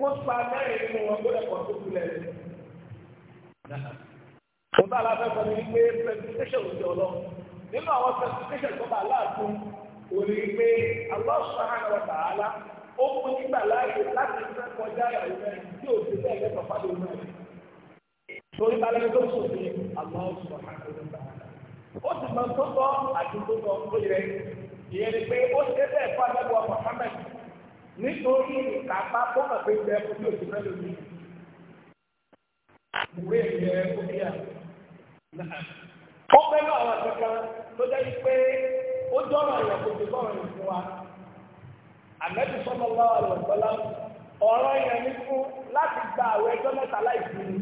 kó pa mẹ́rin nínú gbọ́dọ̀ kọ́ tó kulẹ̀. Mo bá aláfẹ́ sọ ní pé presentation ti ọ̀lọ́. Nínú àwọn presentation tó bá ò ní pé wa ta'ala ó fún nígbà láàyè láti fẹ́ kọjá ìyàwó tí ò bẹ́ẹ̀ Torí tó sùn ní Ó mọ tó tọ́ àti nítorí ìkápá kó mọ̀ pé ìgbẹ́ fún yóò ti fẹ́ lómi. Ìwé ìyẹ omi à. Ó fẹ́ lọ àwọn kankan tó jẹ́ pé ó jọ́rọ̀ àyàn kò sí bọ́ọ̀rọ̀ yìí fún wa. Àmẹ́bí sọ́mọ bá wà lọ sọ́lá. Ọ̀rọ̀ yẹn ní fún láti gba àwọn ẹjọ́ mẹ́ta láìsí ni.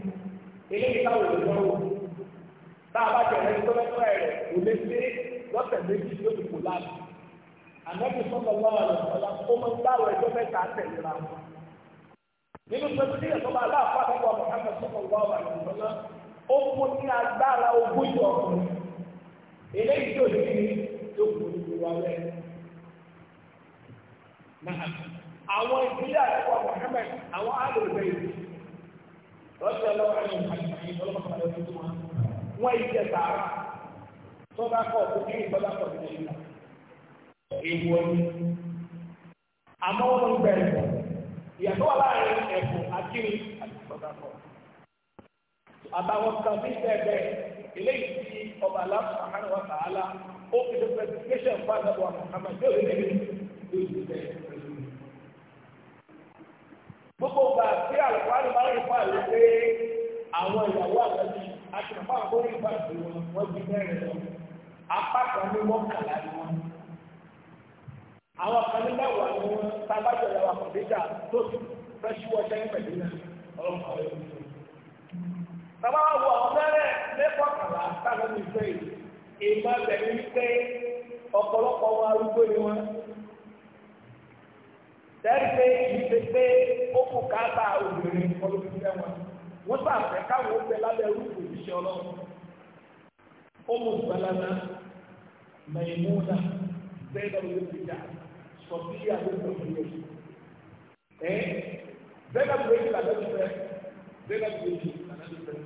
Eléyìí táwọn olùkọ́ wò. Tá a bá jẹ̀rẹ̀ ní tó mẹ́tọ́ ẹ̀rẹ̀ kò lọ́sẹ̀ méjì tó kò láàbù ànábì sọ́kọ̀ lọ́wọ́ àlọ́ ọ̀la ó máa ń gbàwọ̀ ẹjọ́ mẹ́ta tẹ̀léra wọn. nínú pẹ̀lú ní ìyàtọ̀ba aláàfáà nípa Muhammad sọ́kọ̀ lọ́wọ́ àlọ́ ọ̀la ó kú ní agbára ogójì ọkùnrin eléyìí tó ní tó kù ní ìwà rẹ̀. àwọn ìpínlẹ̀ àtẹ́kọ̀ Muhammad àwọn àlòrẹ̀ yìí lọ́sí ọlọ́wọ́ àlọ́ wọn ìjẹta tó bá kọ̀ fún kí ìbọ́lá kọ̀ sí ìlànà èèwọ̀ ni àmọ́ wọn ń gbẹ ẹ̀fọ́ ìyàtọ̀ wà láàrin ẹ̀fọ́ akíní àti ìpàdánù àtàwọn kan bí bẹ́ẹ̀ eléyìí tí ọba aláfà hánà wà sàálà ó fi dé presentation fún àgbàdo àwọn kàmá tí ó lè lè lè lè bẹ́ẹ̀ pẹ̀lú mi. gbogbo ọgbà tí àlùkò àti bá rìn fún àlè pé àwọn ìyàwó àgbàdo àti bàbá àkórí ìgbà tí wọn wọn bí bẹ́ẹ̀ lọ apá kan ní wọn kàlà ni wọn àwọn kan nígbà wà ní wọn tábàjọ ìyàwó àkọ́déjà tó ti fẹ́ ṣíwọ́ sẹ́yìn pẹ̀lú náà ọlọ́mọ rẹ̀ ń sọ. Bàbá wa wọ àwọn fẹ́rẹ̀ lẹ́kọ̀ọ́kànlá táwọn ní ìfẹ́ yìí. Ìmọ̀ bẹ̀rẹ̀ ní pé ọ̀pọ̀lọpọ̀ wọn arúgbó ni wọn. Dẹ́gbẹ́ ìṣe pé ó kù káàtà obìnrin ọlọ́fífẹ́ wọn. Wọ́n sàfẹ́ káwọn ó bẹ lábẹ́ rúkú ìṣe ọlọ́run. Ó mú ìgbàlá náà, bẹ́ẹ̀ lọ́wọ́ yóò fi dáa sọ̀bíyà ló ń bọ̀ nílé. Ẹ bẹ́ẹ̀ bá wéjì làbẹ́ ti fẹ́ bẹ́ẹ̀ bá wéjì làbẹ́ ti fẹ́.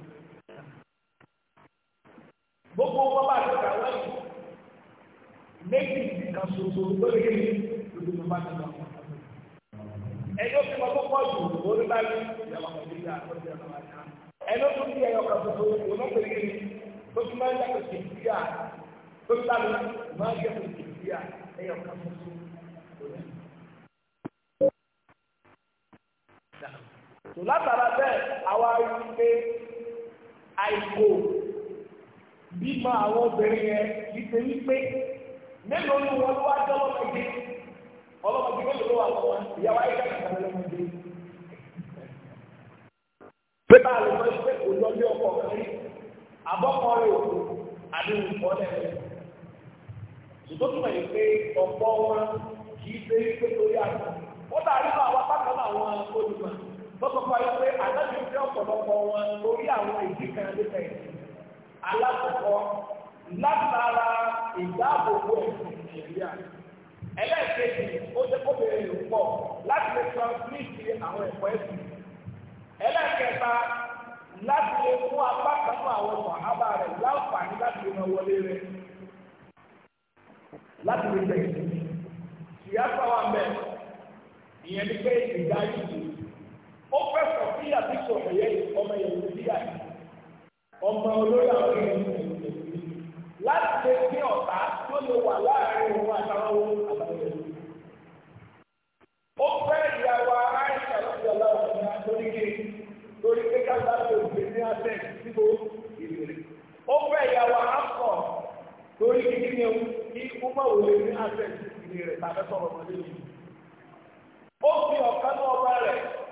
Gbogbo wọn bá àti àwọn ẹ̀yìn méjì nìkan ṣoṣo lórí èyí lórí mi bá ti lọ. Ẹni ó fi wọn kọ́kọ́ jù lórí báyìí ìyàwó àgbẹ̀dẹ́gbẹ̀ àkọ́jọ́ ìyàwó àjá. Ẹni ó tún bí ẹyọ kan ṣoṣo òun náà pèlè yìí tó fi máa ń yàtọ̀ sí ìdíyà tó fi láàrin máa ń yàtọ̀ sí ìdíyà ẹyọ kan ṣoṣo. tó látara bẹ́ẹ̀ àwa rí i pé àìkò bímọ àwọn obìnrin yẹn kìí ṣe wípé mélòó ni wọn ló wá jẹ́ ọlọ́mọdé ọlọ́mọdé mélòó ló wà lọ́wọ́ ìyàwó ayé kàkà kàkà lọ́mọdé. pé bá a lè mọ ẹgbẹ́ kò lọ bí ọkọ rẹ abọ́kọ rẹ ò kú àdéhùn ìfọ́lẹ̀ rẹ. tòótọ́ túmọ̀ yìí pé ọ̀pọ̀ wọn kìí ṣe wípé lórí àgbà ó dàrí àwọn apá kan olùmọ̀ lọ́sọ̀ fún ayé pé aláàbí ń fẹ́ ọ̀pọ̀lọpọ̀ wọn lórí àwọn èdè kan lẹ́fẹ̀ alákọ̀ọ́kọ́ látara ìdáàbòbò ẹ̀sìn nàìjíríà ẹlẹ́ẹ̀kejì ó jẹ́ kó bèrè ìlú pọ̀ láti lè transmiti àwọn ẹ̀kọ́ ẹ̀sìn ẹlẹ́ẹ̀kẹta láti lè mú apá kan fún àwọn sàhábà rẹ̀ láǹfààní láti lè máa wọlé rẹ̀ láti lè bẹ̀rẹ̀ ìyá sáwà mẹ́ ìyẹn ní pé ìdájú ìlú ó fẹ́ sọ sí àbíkò ẹ̀yẹ ọmọ ìlú bíyà ọmọ olórí àwọn ìlú láti lè gbé ọ̀tá tó lè wà láàrin òun àtàwọn àbáyọ ìlú. ó fẹ́ ìyàwó ní lórí pé ní abẹ́ síbò ó fẹ́ ìyàwó lórí kíkí ní ní abẹ́ tàbí sọ̀rọ̀ ọmọdé yìí. ó fi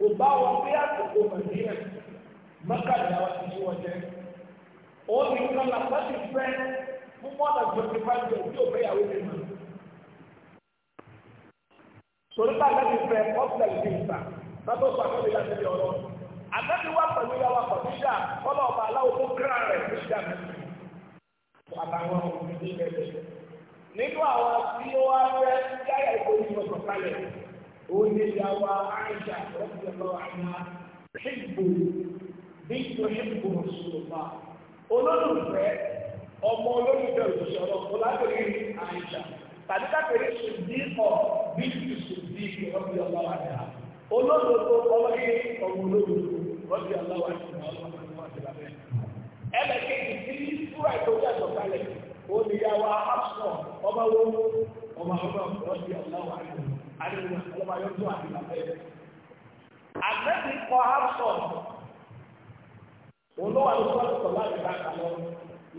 o bá wọn pé àkókò màdínà mẹ́kà ni àwọn ti yíwọ jẹ o ní nǹkan làpá ti fẹ́ fún mọ́tà twenty five years tí ò fẹ́ yàwó mi mọ́ sori bá àgbà ti fẹ́ ọ́fíìsì àti ìgbà sábà ó pàṣẹ ìyá ti di ọ̀rọ̀ àgbà ti wá pẹ̀lú ìyá wa kọ̀ọ̀díjà kọ́lọ̀ ọba aláwọ̀ tó kíra rẹ̀ ní ìjà mi àbáwọn òbí ní ilẹ̀ nínú àwọn tí ó wá fẹ́ ويجاوى عائشة رضي الله عنها حبه بنت حبه رسول الله olólùfẹ́ ọmọ olólùfẹ́ òṣìṣọ́rọ̀ ọlábẹ̀rẹ̀ àìṣà tàbí kápẹ̀rẹ̀ ṣùdí ọ̀ bí i ṣùdí ọ̀bí ọlọ́wà dá olólùfẹ́ ọlọ́yẹ ọmọ olólùfẹ́ ọbí ọlọ́wà dá ọlọ́wà dá ẹlẹ́kẹ̀kì tí fúra ìtọ́jú àtọ̀kalẹ̀ olùyàwó àpapọ̀ ọmọ wọn ọmọ ọmọ ọbí ọlọ́wà dá àdéhùn ọlọ́ba yóò tó àdéhùn abẹ́rẹ́. Àgbẹ̀bí kọ Hamson, òun ló wà lóṣù àtọ̀tọ̀ láti bá kà lọ,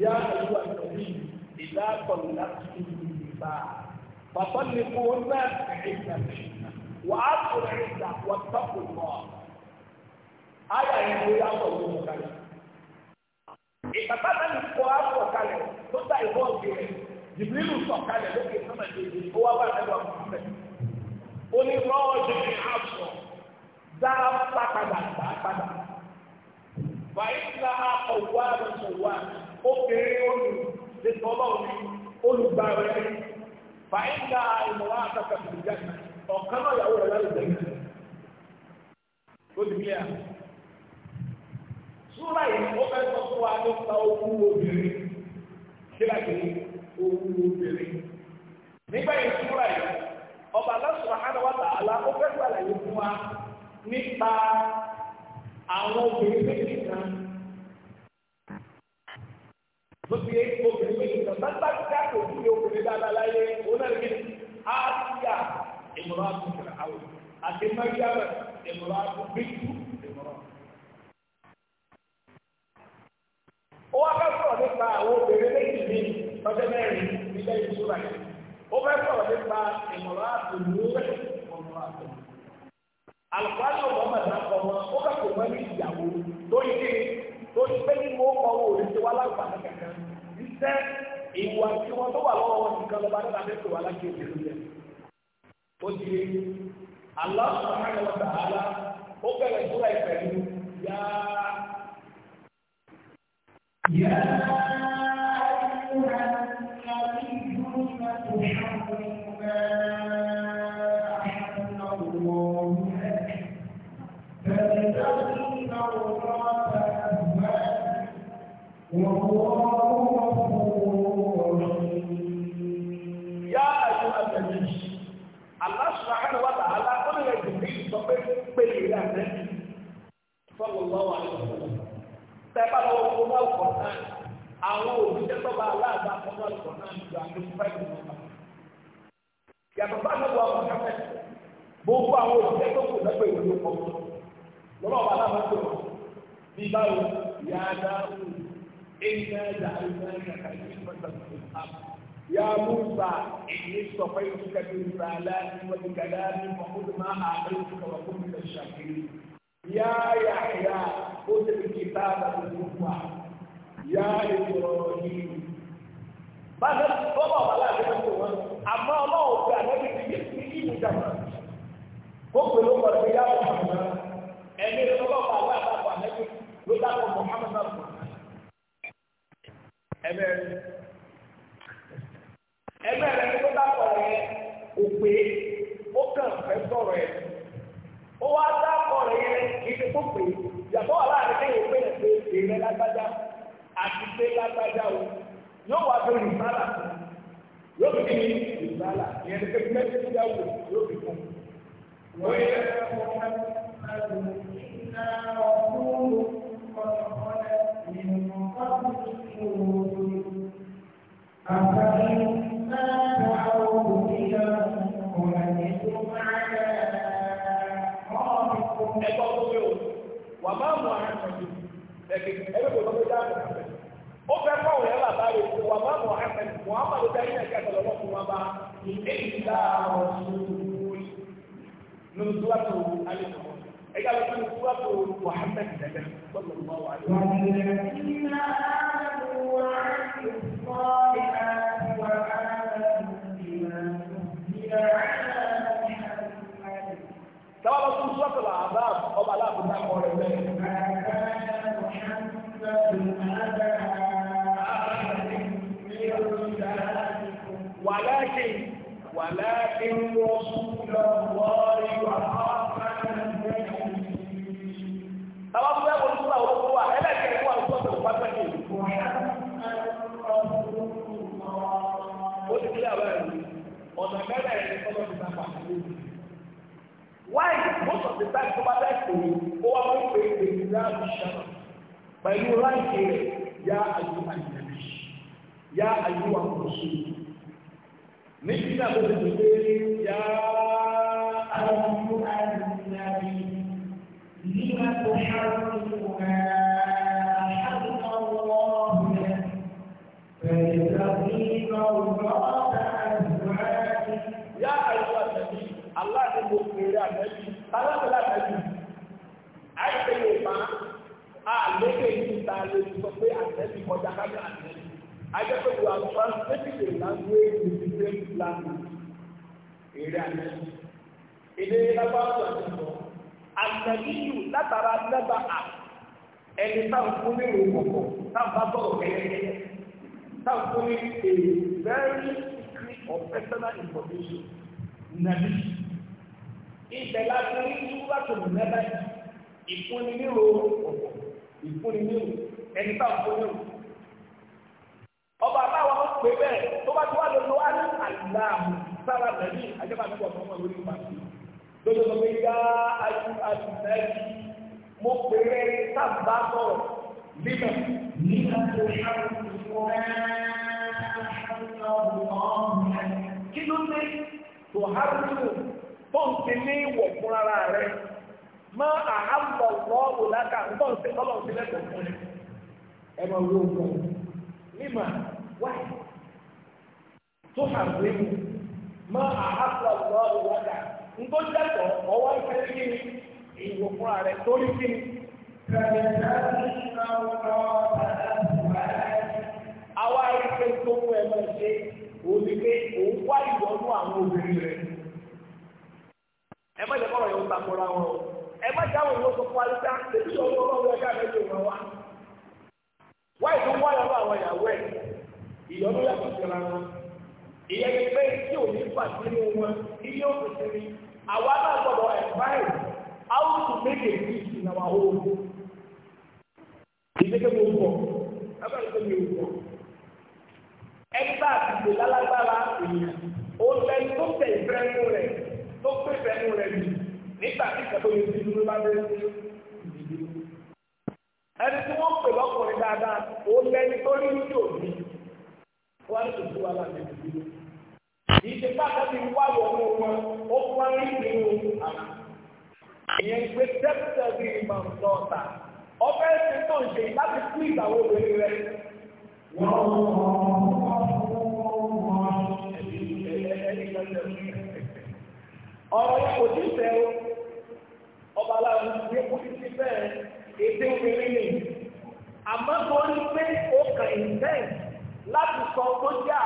yá ìlú àtọ̀bí ìdá àtọ̀lù láti fi ìgbà. Bàbá mi kú ó náà fi ìgbà mi, wà á tó rẹ̀ ìgbà wọ́n tọ́kù mọ́. Ayà yẹn ló yá sọ̀ lóṣù kalẹ̀. Ìgbàgbá náà ní kọ Hamson kalẹ̀ tó ta ìbọn òkè rẹ̀. Jìbìlì sọ̀ kalẹ̀ lókè sọ́mọ̀dé ìdè ó wá wà lẹ́wọ̀n Mùhàmmẹ́dì ó ní lọ́wọ́ ju ní àṣọ dá pápadà dá padà bàyìísà ọ̀wá lọ́sọ̀wá obìnrin olù lẹ́tọ̀ ọlọ́run ní olùgbàwẹ̀ ní bàyìísà ìmọ̀wá àtàkà ìjà ọ̀kan náà yàwó rẹ̀ lálẹ́ ìjẹ́gbẹ̀rẹ̀ ó ti bí yà súrà yìí ó fẹ́ sọ fún wa nípa owó obìnrin sílẹ̀ kìí owó obìnrin nígbà yìí súrà yìí ọba Allah subhanahu wa ta'ala ó fẹ́ sàlàyé fún wa nípa àwọn obìnrin méjì kan ló fi obìnrin méjì kan sátákà kò sí obìnrin dáadáa láyé onáàlú àti ìyá ìmọ̀ràn àti ìfìlà àwọn àti mẹ́ríàmẹ̀ wà lọ́wọ́ wọn nìkan lọ́ba náà lè tó wà láti èdè lórí ó di Allah subhanahu wa ta'ala ó bẹ̀rẹ̀ sóra ìfẹ́ nínú yáá. àwọn òbíṣẹ́ tọ́ba aláàbá ọmọ ọ̀sán náà ju àgbẹ̀fẹ́ ìgbìmọ̀ yàtọ̀ bá àgbẹ̀wò àwọn ọ̀sán gbogbo àwọn òṣìṣẹ́ tó kù lọ́pọ̀ ìwé ló kọ́ lọ́wọ́ ọba aláwọ̀ tó wà bí báwo yà á dá òun èyí náà dà á lọ́wọ́ náà kà ní ìfọ̀sọ̀ tó ta yà á mú sa èyí sọ pé ìlú kẹfì ìfura aláàbí wọ́n ti kàdá ní yá ìrọ̀rùn yìí. bá a bẹ bọ́bọ̀ ọ̀bà láti fẹ́ tó wọn àmọ́ ọlọ́run fi most of the time tó bá láìpò ní ó wá pé pé èyí náà ti ṣẹlẹ̀ pẹ̀lú láìpè rẹ̀ yá ayé àyẹ̀lẹ̀ yá ayé wa kò sí níbi náà ló ti dùn dé yá ayé àyẹ̀lẹ̀ nígbà tó ṣàrùn ìwà àṣàrùn ọlọ́run rẹ̀ pẹ̀lú ìgbà ọ̀rọ̀ ọ̀tá àgbà. Yá àyẹ̀wò àtẹ̀lé, aláàdúgbò fèrè àtẹ̀lé. tàlàtàlà àtàjù àìsè yorùbá àlékè yìí ta lè sọ pé àtẹ́bí kọjá kájá àtẹ́bí ajẹ́pẹ́ wà translated the language with the same language èrè àtẹ́bí èdè lágbára tó a very secret personal information ibẹ̀ láti rí túbà tó ní mẹ́ta ìfúnni nílò ọ̀pọ̀ ìfúnni nílò ẹni tá à nílò. ọba àbáwọn ọmọ pé bẹ́ẹ̀ tó bá ti wá lọ wá ní àlùbá sára nàbí àjẹbà nípa ọmọ ọmọ tọ́ǹtì ní ìwọ̀ fún ara rẹ̀ má àhàbọ̀ lọ́ òlàkà tọ́ǹtì tọ́lọ̀ǹtì lẹ́kọ̀ọ́ fún ẹ. ẹ máa wí ogun mímà wáyé tó hàn pé má àhàbọ̀ lọ́ òlàkà nítorí dẹ́kọ̀ọ́ ọwọ́ ìfẹ́ parí tá èyí ọwọ́ ọlọ́wọ́ ẹ̀ka rẹ̀ yóò máa wá. wáyé tó wáyé ọba àwọn ìyàwó ẹ̀ ìyọ́nú yàtọ̀ síra wọn. ìyẹn ni pé tí ò ní fà sínú wọn iye òkú sí ni àwa náà gbọdọ̀ ẹ̀fáì áwùsù méjèèjì ìnáwó àwọn òkú. ìdíkẹ́ mo bọ̀ ẹgbẹ́ ìgbẹ́ mi ò bọ̀. ẹgbẹ́ àtìgbè lálágbára èèyàn ó lẹ́nu tó tẹ̀ ìfẹ́ nù rẹ̀ tó pè fẹ́ nù rẹ̀ nù nígbà tí ìkàtó yóò ti dúró bá bẹ́ẹ̀ sí ẹni tí wọ́n pè lọ́kùnrin dáadáa ó lẹ́ni tó rí ní òbí wọ́n ti tú aláàbí ìdílé ìdí pàtàkì ti wá wọ ọmọ wọn ó fún wa ní ìlú àná ìyẹn gbé tẹ́pítẹ́ bí ìmọ̀ ọ̀tá ọbẹ̀ ẹ̀sìn tó ń ṣe láti tú ìgbàwó obìnrin rẹ̀. ọ̀rọ̀ yẹn kò tí ì fẹ́ o ọba aláàbí ìdílé kò tí ì fẹ́ ẹ̀. èdè obìnrin ni àmọ́ tó ní pé ó kàn intent láti sọ jẹ́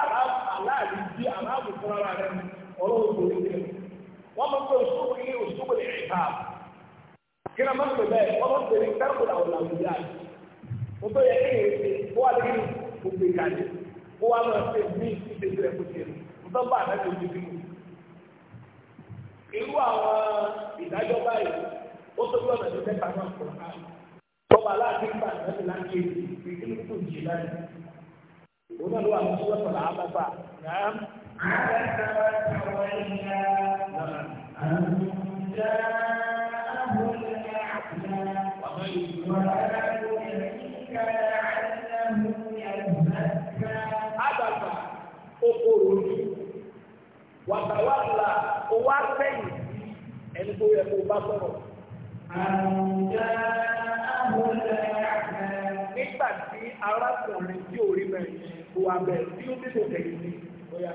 aláàrí sí aláàbò fún ara rẹ̀ ọ̀rọ̀ òṣèlú rẹ̀ wọ́n mọ̀ pé òṣùwò ní òṣùwò lè rí ká kí ni a máa ń pè bẹ́ẹ̀ wọ́n mọ̀ pé tọ́ba aláàfin gbà láti láti fi kí ló tún jì láyé òun náà ló wà lọ́sọ́ lọ́sọ̀ là bá bá náà. oko òní, wàtàwàlà owó àtẹ̀yìn ẹni tó yẹ kó bá sọ̀rọ̀ nígbà tí arákùnrin tí ò rí bẹ́ẹ̀ kó wa bẹ́ẹ̀ tí ó dé tó kẹ̀yìn sí bóyá.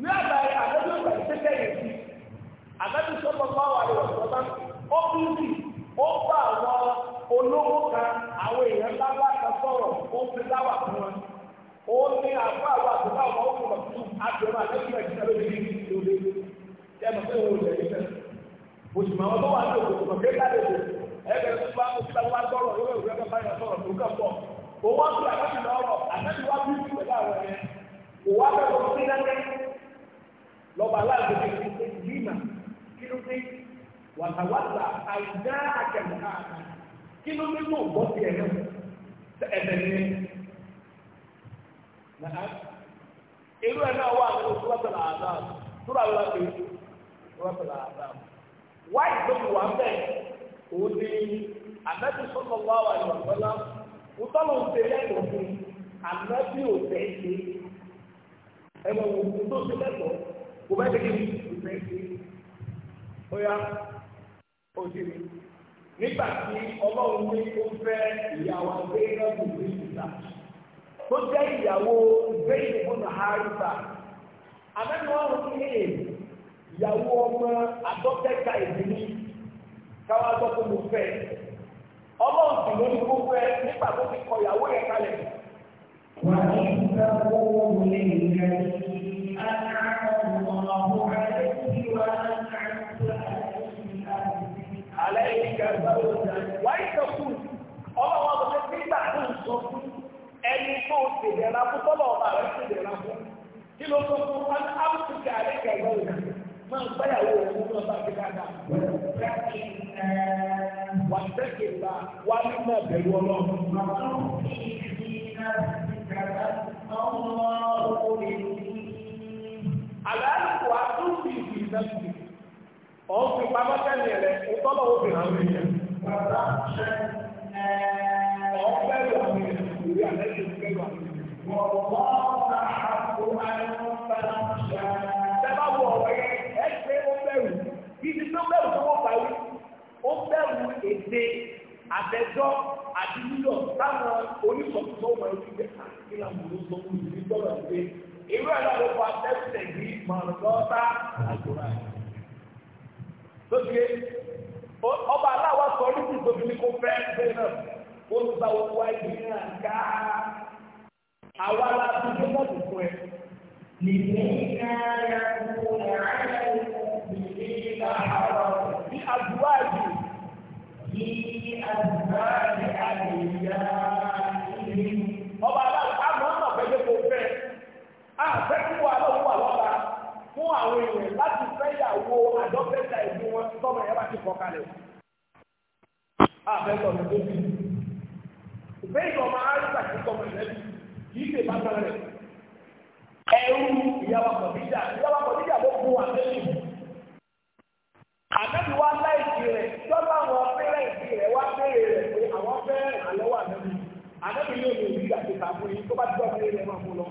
ní àbáyé àgbẹ̀dẹ ìgbà tó kẹ̀yìn sí àgbẹ̀dẹ sọ́kọ̀ bá wà lọ sọ́kọ̀ ó kú sí ó bá àwọn olówó kan àwọn èèyàn lábá kan sọ̀rọ̀ ó fi dáwà fún wọn. ó ní àbá àwọn àtúntà ọmọ òkùnkùn tún àbẹ̀wò àtẹ́sílẹ̀ ìṣẹ́lẹ̀ lórí ẹgbẹ̀rún tó bá kó síta wá gbọ́rọ̀ yóò wẹ̀ wíwẹ́ bá yẹn sọ̀rọ̀ tó kàn pọ̀ òwò àti àtàkì lọ́rọ̀ àtàkì wá bí ìlú pẹ̀lú àwọn ẹ̀ òwò àbẹ̀wò tó ń dẹ́gbẹ́ lọ́ba aláàbẹ̀wò ìlú kí ló dé wàtàwàtà àìdá àkẹ́kọ̀ọ́ kí ló dé tó gbọ́ sí ẹ̀rọ ẹ̀bẹ̀ ni irú ẹ̀ náà wà òun ni ànábì sallallahu alaihi wasallam wọ́tọ́lọ̀ ń tẹ̀lé ẹ̀kọ́ fún ànábì ò ṣe ẹ̀wọ̀n òkú tó ṣe lẹ́kọ̀ọ́ kò bá tẹ̀lé kò tẹ̀ ṣe ó yá ó ti nígbà tí ọlọ́run ní fẹ́ ìyàwó ìgbà tó jẹ́ ìyàwó wọn ìyàwó ọmọ ìdílé káwá gbọ́ pé mo fẹ́ ọmọ òsì ló ní gbogbo ẹ nígbà tó ti kọ ìyàwó yẹn kalẹ̀. wà á ní sábà wọ́n lè rẹ̀ alẹ́ yìí ká sábà wáyé sọ́kù ọlọ́wọ́ sọ pé nígbà tó ń sọ fún ẹni tó ṣèjẹ̀ra fún tọ́lọ̀ ọba rẹ̀ ṣèjẹ̀ra fún kí ló sọ fún wọn á tún ṣe àlẹ́ kẹ̀kẹ́ òkè máa ń gbáyàwó òun náà bá ti dáadáa. Láti wà sẹ́kì bá wà nínú ẹ̀bẹ̀rù ọlọ́run. Màmá mi ní ìdára ọmọ orin. Àlàáfíà wà tún fi ìdílé náà ọ̀hún fi pamọ́ sẹ́yìn rẹ̀ ìtọ́lọ̀ obìnrin àwọn èèyàn. Bàbá ṣe ọ̀hún bẹ̀rù àwọn èèyàn ìwé àlẹ́ ìṣèlú bẹ̀rù àwọn èèyàn. Wọ̀wọ́ ta àpò àìmọ́ ó bẹ̀rù èdè àbẹ́jọ́ àti lílọ̀ táwọn oníṣọ̀tún ọmọ ẹni jẹ́ àti làmúlò tó kù ní sọ̀rọ̀ pé irú ẹ̀rọ ló fa tẹ́sítẹ̀ ní mọ̀lọ́tà àgbòrá. lóṣìṣẹ́ ọba aláwa sọ orí kùtò bí kò fẹ́ bẹ́ẹ̀ náà ó ń gba owó ayé náà ká àwa la fi tó bá dùn fún ẹ. Nìgbìyà yà kú ní àyà ìkùn ìdílé náà. Bí àdúrà yìí ọba aláàmọ́ ọ̀nà pẹ̀lú kò fẹ́ àfẹ́kùwà lọ́wọ́ lọ́la fún àwọn èèyàn láti fẹ́yàwó àdọ́fẹ́ta ìlú wọn tọ́mọ ẹ̀yà bá ti kọ kalẹ̀. àfẹ́kọ̀ ló tó bí ìfẹ́ ìjọba arígbà tí tọmọ ẹ̀lẹ́bí kì í ṣe bá tọ́lẹ̀ ẹ̀rú ìyàwó àkọ̀bíjà ìyàwó àkọ̀bíjà ló fún wa lẹ́yìn àbẹ́bí wá láìsí rẹ̀ tọ́lá àwọn fẹ́rẹ̀ ìdí rẹ̀ wá bẹ̀rẹ̀ rẹ̀ pé àwọn fẹ́rẹ̀ àlọ́wọ́ àbẹ́bí àbẹ́bí yóò lè rí àti kàfún yìí tó bá lọ.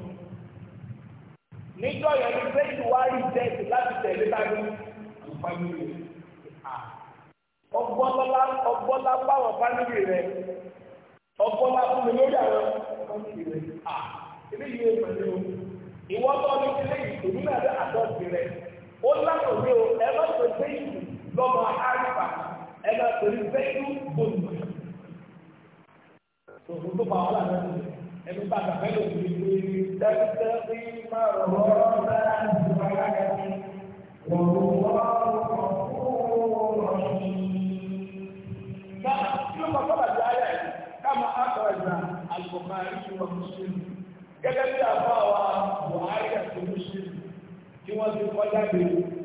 níjọ́ yẹn ni wá rí láti tẹ̀lé àǹfààní rẹ̀. ọgbọ́lá báwọn rẹ̀ ọgbọ́lá fún mi lórí àwọn rẹ̀. ní ilé lọ́mọ àríkà ẹ máa pẹ̀lú fẹ́ẹ́lú gbòòdù. Òkú tó pa wàhálà náà lóde. Ẹni bá àgbàfẹ́ lò ní ìlú ìlú tẹ́tẹ́tẹ́ ní máa rọ̀ ọ́ náà ti wá lága sí. Wọ́n wá ọkọ̀ fún ọ̀rọ̀ Náà tí ó kọ́ sọ́kà sí ayé ẹ̀ Gẹ́gẹ́ bí àbá wa Buhari àti Mùsùlùmí tí wọ́n ti kọjá gbèrè.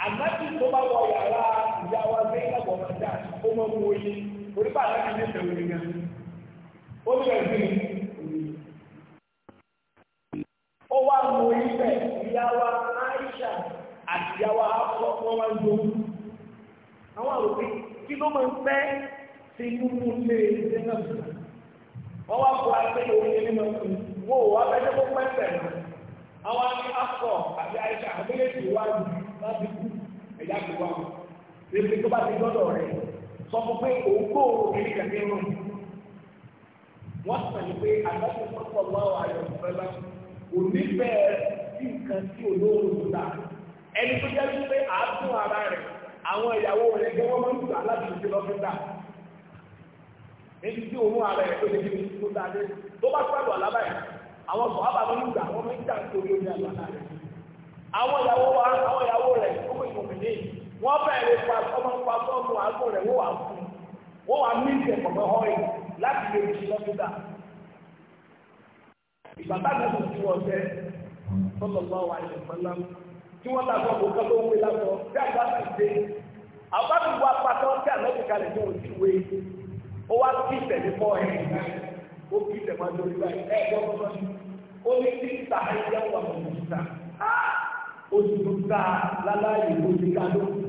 Àgbàtí tó bá wọ yàrá ìyá wa Zainab ọ̀gá dáa, ó mọ̀ mú oyin. onípa àtàkì ní ìṣẹ̀wò nìyà ó bẹ̀rẹ̀ bí ó wá mú ibẹ̀ ìyáwá Aisha àti ìyáwá ọlọ́pọ̀ wá ń jó àwọn àròpin kí ló máa ń pẹ́ sí inú ilé ilé náà wọ́n wá kó apẹ́ òun ilé náà fún wó wá bẹ́ẹ̀ tó pẹ́ pẹ̀lú àwọn àti akọ àti Aisha àbẹ́lẹ́sì wá láti kú ẹ̀yà kó wá lè tó bá ti gbọ́dọ̀ rẹ̀ sọ fún pé òun kó obìnrin kàdé rò wọ́n sọ pé àgbàdo sọ́kọ̀ lọ́wọ́ ayọ̀ ìfẹ́lá onífẹ̀ẹ́ sí nǹkan tí olóòrùn tó dà ẹni tó jẹ́ wípé àádùn ara rẹ̀ àwọn ìyàwó rẹ̀ gẹ́gẹ́ wọ́n máa ń gbà láti ṣe lọ́fíńdà níbi tí òun ara ẹ̀ tó lè fi tó dáadé tó bá sábà lábàá yìí àwọn sọ ábà ló ń gbà wọ́n máa ń jà nítorí omi àgbàlá rẹ̀ àwọn ìyàwó wa àwọn ìyàwó rẹ̀ ó pè fún wọ́n bẹ̀rẹ̀ pa ọmọ pa sọ́ọ̀mù àgọ́ rẹ̀ wọ́n wà fún wọ́n wà ní pọ̀pọ̀ láti lè náà kò ọ̀sẹ̀ tí wọ́n ń wé lásọ bí àgbà ti dé ti wọ apàtà ọ̀sẹ̀ àlọ́kù kalẹ̀ tó ń ti wé ó wá kí ìtẹ̀lé fọ́ ẹ̀ ó kí ìtẹ̀mọ́ lórí báyìí ẹ̀ ó ní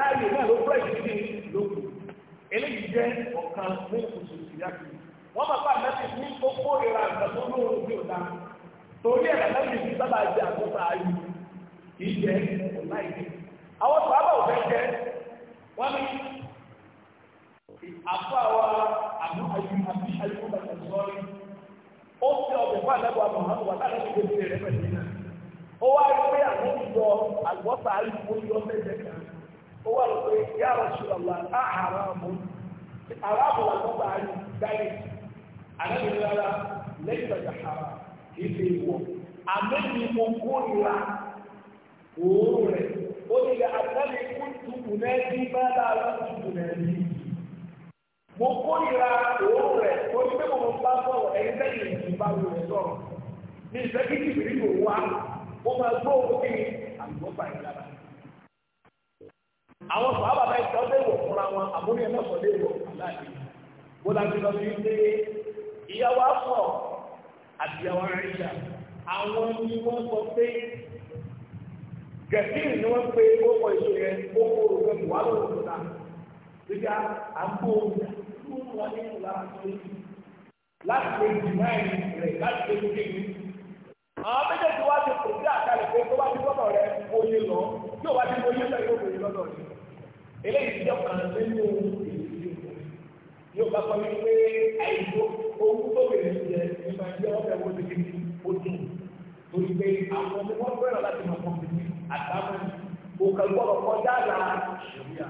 láàyè náà ló fẹ́ ìdílé lóko eléyìí jẹ́ ọ̀kan nínú oṣù ìyáàkì wọ́n bá bá mẹ́tì ní kókó ìra nǹkan tó lóorùn bí ọ̀dà torí ẹ̀rọ mẹ́tì ní sábà jẹ́ àkóso ayé kì í jẹ́ ọ̀láìdè àwọn sábà ò fẹ́ jẹ́ wọ́n ní àfọ àwa àbú ayé àbí ayé kó bàtà sọ́ọ́rì ó fi ọ̀bẹ̀ fún àlẹ́bọ̀ àbọ̀ àbọ̀ wà láti ṣe ìgbésẹ̀ rẹ̀ pẹ̀lú náà ó wá rí pé àlejò àgbọ̀sà ayé kó yọ ọ́ ó wà lóko yà Rasulullah àhàràmù àràmù làwọn bá yìí dálé àlẹ́bìnrinlára lẹ́yìn ìgbà àhàrà kì ṣe ìwọ àmẹ́bí mo kórìíra òórùn rẹ̀ ó ní ilẹ̀ dáa mo òórùn rẹ̀ ní pé mo bá sọ̀rọ̀ ní ìfẹ́ àwọn sọ̀hábà bá ìtọ́ lè wọ̀ fúnra wọn àmúrí ẹlẹ́sọ̀ lè wọ̀ aláàbí bó dájú lọ sí pé ìyàwó afọ àti ìyàwó àríṣà àwọn ni wọ́n sọ pé gẹ̀sìn ni wọ́n pe owó èso yẹn owó òwe wà lóhùn tó náà gbígbá àgbo òwe tó wà ní ìlà tó yìí láti lè jù náà rẹ̀ láti lè jù kéwì. àwọn méjèèjì wá ti kò sí àkàlẹ̀ pé tó bá ti gbọ́dọ̀ rẹ̀ oyè lọ yóò wá ti oyè lọ yóò wòye lọ́dọ̀ rẹ̀ eléyìí jọ kan nínú ìdílé yóò bá kọ́ wípé àìsó owó tó bẹ̀rẹ̀ jẹ nípa ẹgbẹ́ wọn fẹ́ wọ́n ti di ojú torí pé àwọn ọmọ wọn fẹ́ràn láti máa pọ̀ sí àtàwọn òkè gbọ́dọ̀ kọjá la ṣòwúyà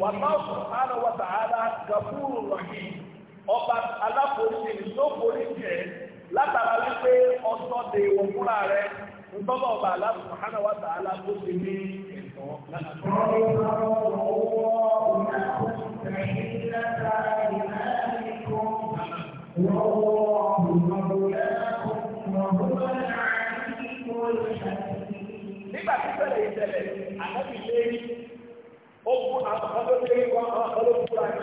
wàlúwà sọ̀rọ̀ àwọn wàtàhálà gàfúrú rọ̀hìn ọba aláforíjì ló ìṣẹ̀lẹ̀ ìṣẹ̀lẹ̀ ànábì lérí ó fún àkọ́kọ́ lérí wọn àkọ́kọ́ ló fúra ní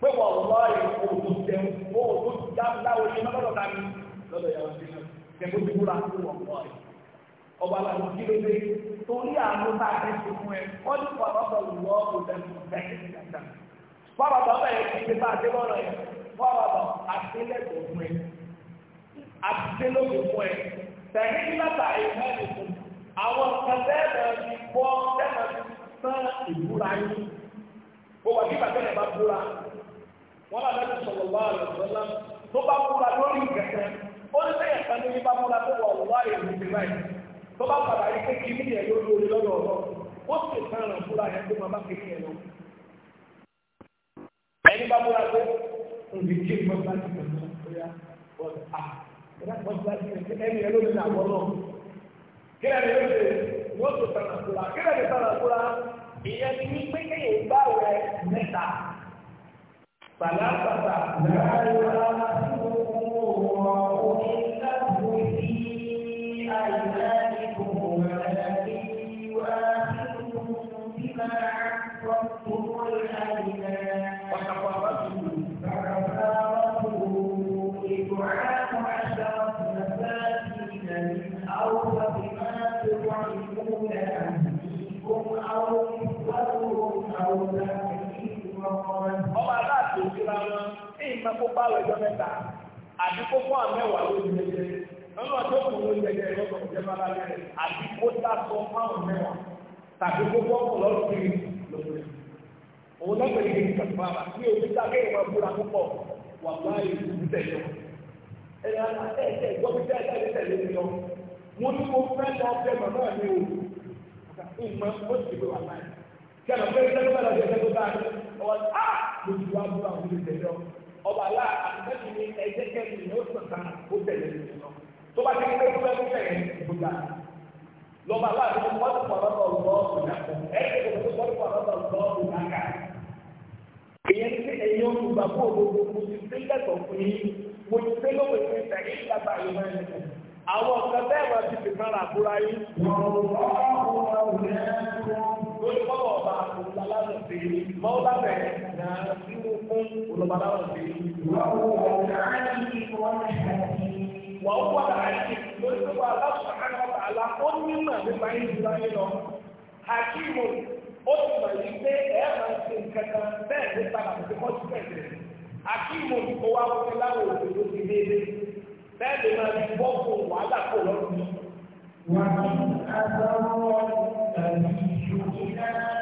pé wọ́n wá èkó tó tẹ̀wọ́ ó tó dáwọ́ ní lọ́dọ̀ dání lọ́dọ̀ yàrá sí náà tẹ̀wọ́ ti fúra fún wọn wá rẹ̀ ọba làwọn kí ló dé torí àánú tá a fẹ́ ṣe fún ẹ wọ́n ti fọ àbábọ̀ wọ́ kò dẹ́nu bẹ́ẹ̀ fọ́ọ̀bà bàbá yẹn kì í ṣe bá a dé lọ́rọ̀ yẹn fọ́ọ̀bà bàbá àtẹlẹ́gbẹ̀ẹ́ fún ẹ àtẹlẹ́gbẹ̀ẹ́ fún ẹ tẹ̀lé nígbà tá a yẹ fẹ́ẹ́ àwọn nǹkan tẹ́lẹ̀ ti bọ́ tẹ́lẹ̀ ti sán ìbúra yín ó wà nígbà tẹ́lẹ̀ búra wọn là lẹ́nu sọ̀rọ̀ wá rẹ̀ sọ́lá tó bá búra lórí ó ní sẹ́yìn kan ní bá búra tó wá èrò tó bá padà yí pé ló lórí lọ́dọ̀ ó sì sàn rẹ̀ búra yẹn tó máa bá lọ. ẹni bá búra kí kílẹ̀ ni yóò ṣe yóò tó tẹ̀nà kúra kílẹ̀ ni tẹ̀nà kúra ìyẹn ni pé kéèyàn bá wẹ̀ mẹ́ta pàlàpàtà láàrin wọn. àbí kókó àmẹ́wàá ló ní ẹgbẹ́ lọ́nà tó kù ló ní ẹgbẹ́ lọ́sọ̀ kò jẹ́ bára rẹ̀ àbí kó sásọ márùn mẹ́wàá tàbí kókó ọkọ̀ lọ́sọ̀rì lọ́sọ̀rì òun náà pèlè kí n kà fún àbá ní omi sáké ìwà búra púpọ̀ wà bá ìlú tẹ̀lé ẹ̀yà ẹ̀ẹ́dẹ̀ gbọ́mídé ẹ̀ẹ́dẹ̀ tẹ̀lé mi lọ mo ní mo fẹ́ lọ fẹ́ mi o ìmọ̀ ó sì gbé fẹ́ ọba alá àtúntẹ́sí ní ẹ̀jẹ̀ kẹ́lí ní oṣù kan ó tẹ̀lé ní ìlú tó bá ti ní ẹgbẹ́ tó ẹgbẹ́ tẹ̀lé ní ìbúdá lọ́ba alá àti wọ́n ti pọ̀ lọ́dọ̀ lọ́ ìdàpọ̀ ẹ̀jẹ̀ tó wọ́n ti pọ̀ lọ́dọ̀ lọ́ ìdàkà èyí ti ẹ̀yìn olùgbà fún òdodo mo ti fi lẹ́tọ̀ fún yín mo ti fi lóko ìpè lórí bọ́lá ọba olùdaláwọ̀ sí i mọ́lá bẹ̀rẹ̀ na sínú fún olùdaláwọ̀ sí i. wọ́n wọ́n wà láyé lórí bọ́lá aláṣọ àgbà àlá ó nímọ̀ nípa yín jù láyé lọ. àkíyèmọ̀ ó ti mọ̀ yìí pé ẹ̀ máa ṣe nǹkan kan bẹ́ẹ̀ ní sábà àti mọ́tò bẹ̀rẹ̀. àkíyèmọ̀ owó awọ́kẹ́láwọ̀ òṣèlú ti déédéé bẹ́ẹ̀ lè máa fi bọ́ fún wàhálà kó lọ́dún وإن أسر النبي إلى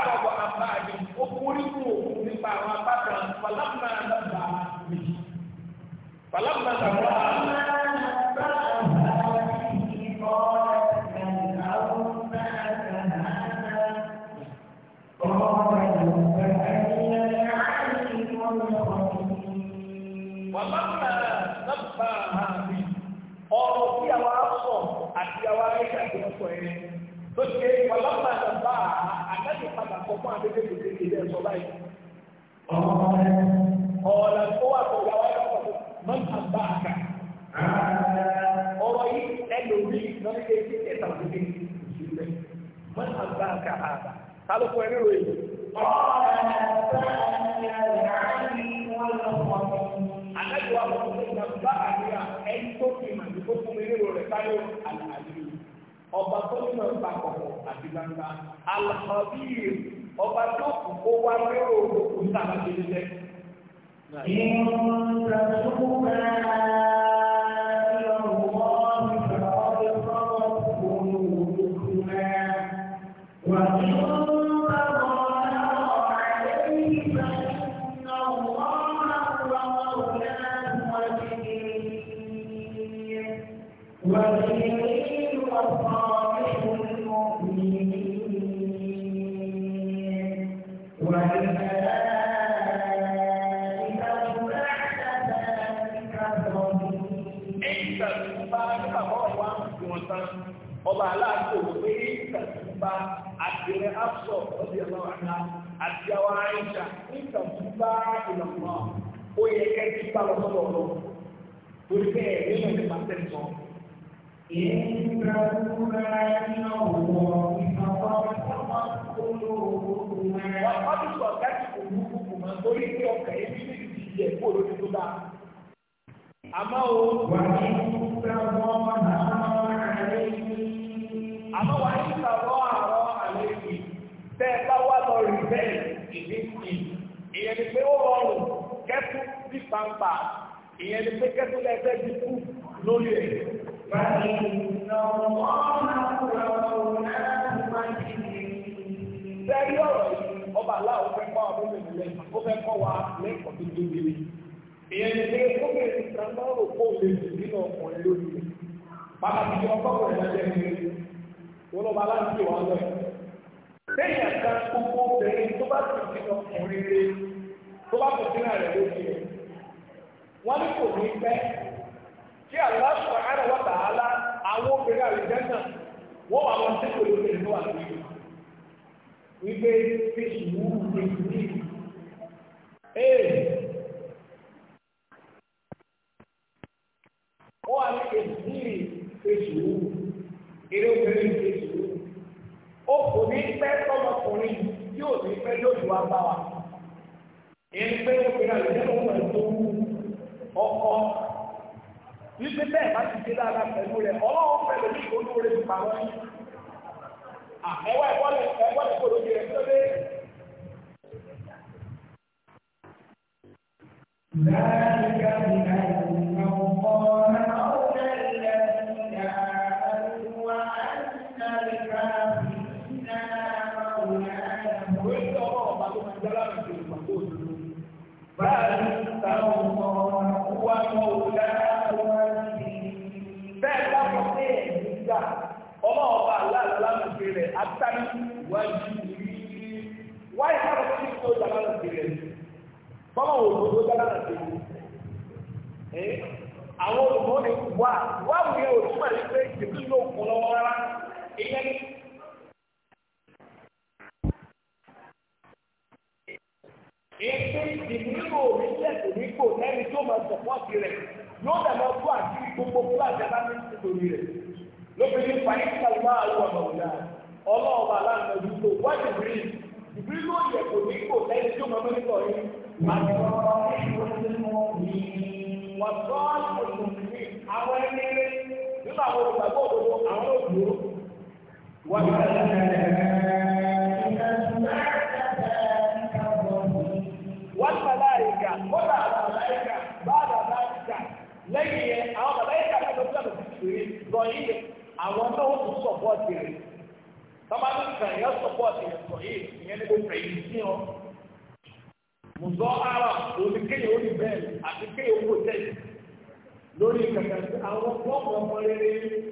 ìyàwó aláìsí àtúntò ẹ̀ tó ṣe wàlámà nàbà àdájọ́ padà kọ́ fún abẹ́lé gbèsè ìdílé ẹ̀sọ́ báyìí. ọ̀la tó wà kọ̀ wà wáyà kọ̀ mọ́ nàbà àkà. ọ̀rọ̀ yìí ẹlòmí lọ́nìkẹ́ ti ẹ̀ta òkèké ìṣúlẹ̀ mọ́ nàbà àkà àbà. kálukú ẹni ròyìn. Àdájọ́ àwọn ọmọ ìgbà bá àríyá ẹni tó fi màdìbò fún mi nírò rẹ̀ sáré àlàyé ọba tó nínú ìpapọ̀pọ̀ àti gbangba alàbíyè ọba tó kù kó wá lérò òkú sábà tẹ́lẹ̀ tẹ́. tó kú náà. ìlọ náà ó yẹ ká ti bá lọ sọ́dọ̀ lọ torí bẹ́ẹ̀ nínú ìgbà tẹ̀lé sọ. Ìgbà wúra iná wọ̀ ìfọwọ́ fọwọ́ olóòwò mẹ́. Wọ́n ti sọ láti òwú kùkù mọ́ torí pé ọkà yẹn ní ìlú ti kó lórí tó dáa. Àmọ́ o. Wà ní ìgbà wọ́n máa yìí. Àmọ́ wà ní ìgbà wọ́n àrọ́ àlejò. Bẹ́ẹ̀ bá wà lọ rí bẹ́ẹ̀ ìdí ìdí ìyẹn ni pé ó rọrùn kẹ́tù bí pàǹpà ìyẹn ni pé kẹ́tù lẹ́sẹ̀ bí kú lórí ẹ̀. Sẹ́rí ọ̀rọ̀ yìí, ọba aláwọ̀ fẹ́ kọ́ àwọn ọmọ ó fẹ́ kọ́ wa lẹ́kọ̀ọ́ tó tó gbére. Ìyẹn ni pé gómìnà kan máa rò pé òun lè nínú ọkùnrin lórí. Bàbá mi ọgọ́rùn-ún ẹ̀dá jẹ́ mi. Wọ́n lọ́ba aláǹtí wa lọ́yìn lẹ́yìn àgbà gbogbo obìnrin tó bá ti di ọkùnrin rẹ tó bá ti dín àrẹ lójú rẹ wọn ní kò ní pẹ́ kí aláṣọ ara wà tààlà àwọn obìnrin àlùjẹ́nà wọ́n wà wọn sí kò lóde ìlú àlùjẹ́ wípé fi sùúrù ní ìlú ee wọ́n wà ní èsì èsì wù eré obìnrin èsì ó kò ní pẹ́ tọmọkùnrin tí ò ní pẹ́ yóò ju wá bá wa èyí pé obìnrin àlùjẹ́ ló ń wẹ̀ tó wú ọkọ wípé bẹ́ẹ̀ bá ti ṣe dáadáa pẹ̀lú rẹ̀ ọlọ́run pẹ̀lú ní olú rẹ̀ ti pàwọ́ yìí ẹ̀wọ́ ẹ̀kọ́ lè ẹ̀kọ́ lè kóró jẹ ẹ̀kọ́ lè. Láàrín ká ní àyè. bẹ́ẹ̀ láwọn ní ẹ̀mí gbà ọlọ́ọ̀bà aláàlámùsí rẹ̀ atáni wájú rírí wáyé káàdùn tó ní kí ó dáná nà sílẹ̀ bọ́lá òòlù tó dáná nà sílẹ̀ ẹ̀ àwọn olùkọ́ ni wá wá wúyẹ òtúmọ̀ ní pé ìdílé òkun lọ́wọ́ rárá ìyẹn ní èké ìdìbò orílẹ̀-èdè nípò lẹ́ni tó máa sọ̀pọ̀ sí rẹ̀ yóò dàgbà fún àti gbogbo fúlàjà bá ní nítorí rẹ̀ lóbìnrin fàyè kàlùmá àwọn ọmọ òdà ọlọ́ọ̀bà aláǹdà ìdúgbò wá jìbìrì jìbìrì ló yẹ kò nípò lẹ́ni tó máa mẹ́rin tọ̀ yín. wọ́n sọ ọ̀sùnmí àwọn ẹni rẹ̀ nínú àwọn olùgbàgbọ́ òdodo àwọn òdòdó wọ́n sọ kódà àwọn màláìkà báàdà màláìkà lẹ́yìn yẹn àwọn màláìkà náà ló gbàgbọ́ sí ìṣòrí lọ àwọn náà ó tún sọ̀pọ̀tì rẹ̀ tọ́ba tó kàn sọ̀pọ̀tì rẹ̀ sọ ìyẹn ní kò fẹ̀yìn sí ọ. mùsọ̀ ara òní ó ní bẹ́ẹ̀ àti ó lórí kàkà sí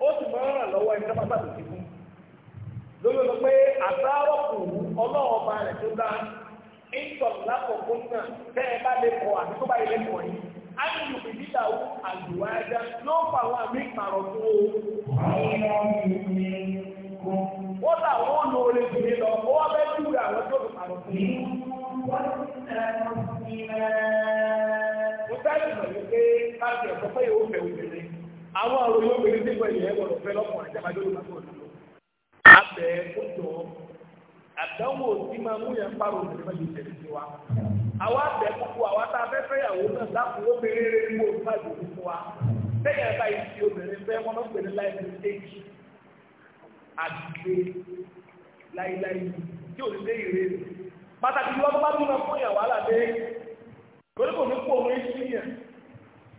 ó sì máa ń ràn lọ́wọ́ ẹni tábàtà tó ti fún lórí ọ̀sán pé àtàwọ̀ kù ọlọ́run ọba rẹ̀ tó dá ìtọ̀ lákòókò náà tẹ́ ẹ bá lè kọ àti tó bá yẹ lẹ́kọ̀ọ́ yìí á ní ìlú ìdílà ó àlùwà ẹja yóò fa àwọn àmì ìpàrọ̀ tó o. wọ́n là wọ́n lo orin ìdílé lọ ó wá fẹ́ dúró àwọn tó fi pàrọ̀ tó o. mo sáré ìmọ̀ yìí pé káàkiri ọ̀sán pé yóò fẹ́ obìnrin àwọn àròyìn obìnrin tí wọ́n yẹ wọ́n fẹ́ lọ́kùnrin tí a máa dé olùkọ́ òdòdó. abẹ́ ó jọ àdánwò tí máa mú yẹn pàrọ̀ òdòdó máa yẹ tẹ̀lé sí wa. àwa abẹ́ kúkú àwa tá a fẹ́ fẹ́ yàwó náà dákun obìnrin rẹ̀ ń wò fún àjòkú fún wa. sẹ́yìn ẹ̀ka ìsì obìnrin fẹ́ wọn lọ́pẹ̀ ní láì ní stéèjì àdìgbé láíláí tí ò ní dé ìrè pàtàkì ìwọ́n tó bá dúró fún yàwó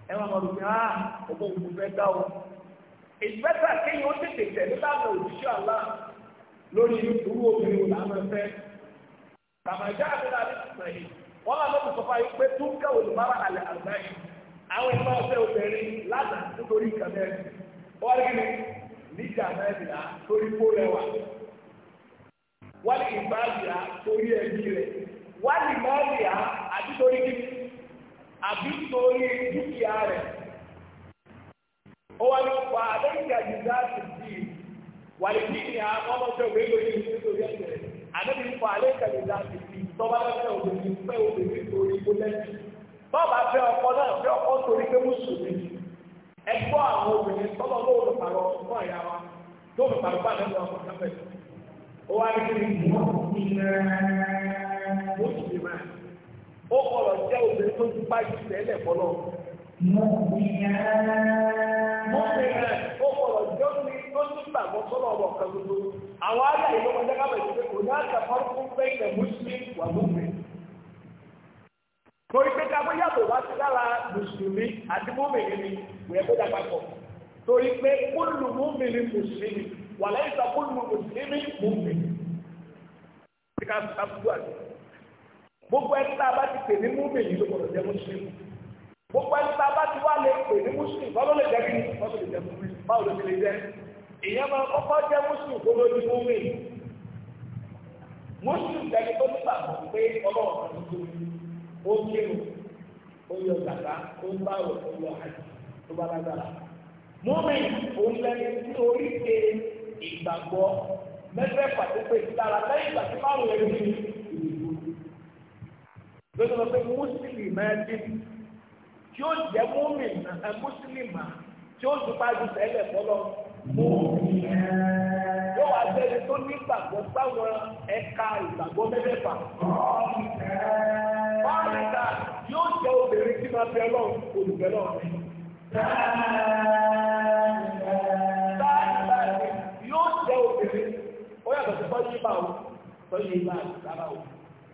ẹ wọn mọ̀ lùmí á ọmọ òkú fẹ́ dá o. ìgbẹ́ta kéyìn ó tètè tẹ̀lé lánàá òjíṣẹ́ àlá lórí irú obìnrin òun àmọ́ fẹ́. tàmájá àbílá ní ìsìnkú wọn lọ lọ́dún sọ fáyọ pé tó ń kẹ́ olùmọ́ra àlẹ́ àgbá yìí àwọn ìmọ̀ ọ̀fẹ́ obìnrin lánàá nítorí ìkànnì ẹ̀ wọ́n rí ni níjà náà nìyà torí kó rẹwà wọ́n ní ìgbà nìyà torí ẹbí rẹ̀ wọ́n ní mọ́ọ̀nìyà àti torí kíkì àbí torí dúkìá rẹ̀ ó wá ní ọkọ̀ àdéhùn àjùdá ti di wàlídìí ni àwọn ọmọdé òwe lórí ìlú nítorí ẹ̀jẹ̀ àdéhùn ìfọ̀ àdéhùn àjùdá ti di tọ́ba lẹ́fẹ̀ẹ́ obìnrin fẹ́ obìnrin torí kó lẹ́sìn tọ́ba fẹ́ ọkọ náà fẹ́ ọkọ torí pé mùsùlùmí ẹgbọ́ àwọn obìnrin tọ́lọ́ lóò lọ pàrọ̀ fún ọ̀yà wa tó lọ pàrọ̀ bá lẹ́nu ọkọ̀ kápẹ́ ó wá ní kí ni mọ́ ìlẹ̀ ó kọlọ̀ jẹ́ obìnrin tó ti bá ìṣẹ́ lẹ̀ fọlọ́. mọ̀nìyàn ó kọlọ̀ jẹ́ obìnrin tó ti gbàgbọ́ sọ́lọ̀ ọ̀rọ̀ kan gbogbo. àwọn ará yìí ló kọjá kábẹ̀ sí pé kò ní àtàkọ́rọ́ fún bẹ́ẹ̀ mùsùlùmí wà lóògbé. torí pé ká bóyá bò wá sí lára mùsùlùmí àti mùmìnì ni kò yẹ kó dàgbà torí pé kúlù gbogbo ẹni tá a bá ti pè ní múmìnì ló gbọdọ̀ jẹ́ mùsùlùmí gbogbo ẹni tá a bá ti wá lè pè ní mùsùlùmí báwo lè jẹ́ kí ni lè jẹ́ mùsùlùmí báwo lè jẹ́ ìyẹn máa kọ́kọ́ mùsùlùmí kó ló di mùsùlùmí tó nígbà pé ọlọ́wọ́ tó ó ó yọ gàdá ó ń bá rò ó yọ tó bá lágbára lórí wọn pé mùsùlùmí máa dé tí ó jẹ múmi náà mùsùlùmí tí ó dùn pàjù tẹ́lẹ̀ fọlọ́ múmi yóò wá sẹ́ni tó ní ìgbàgbọ́ sáwọn ẹ̀ka ìgbàgbọ́ mẹ́fẹ̀ẹ̀fà. Fáàmìta yóò jẹ obìnrin tí máa bẹ lọ́wọ́ olùbẹ̀ lọ́wọ́. Fáàmìta yóò jẹ obìnrin ó yàtọ̀ sí pọ́jú ìbá o pọ́jú ìbá àti sábà o.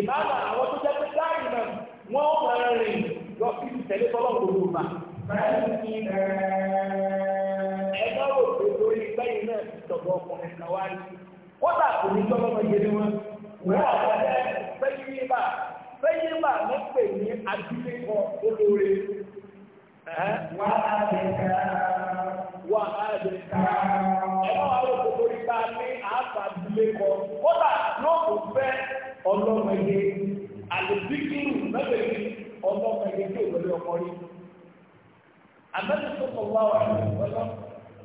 ìmáàmà àwọn tó jẹ́ pé dáàbì náà wọ́n ó máa rìn lọ sí ìtẹ̀lé tọ́lọ̀ gbogbo mà. ẹ má rò pé lórí gbẹ́yìn náà ti sọ̀rọ̀ ọkùnrin kan wá rí kódà kò ní tọ́lọ́ mọ yẹlé wọn. wọ́n àgbàdo fẹ́yìnbà fẹ́yìnbà ló pè ní adúlékọ olóore. wà á lè ká wà á lè ká ẹ má wà rò pé lórí gbà ní àfàdúlékọ kódà yóò fẹ́. ọlọ́mọdé àlùbíkìrù mẹ́bẹ̀ẹ́rì ọlọ́mọdé tó wọlé ọkọ rí. Àbẹ́lẹ̀ tó kọ̀ wá wà ní ìwọ́lọ́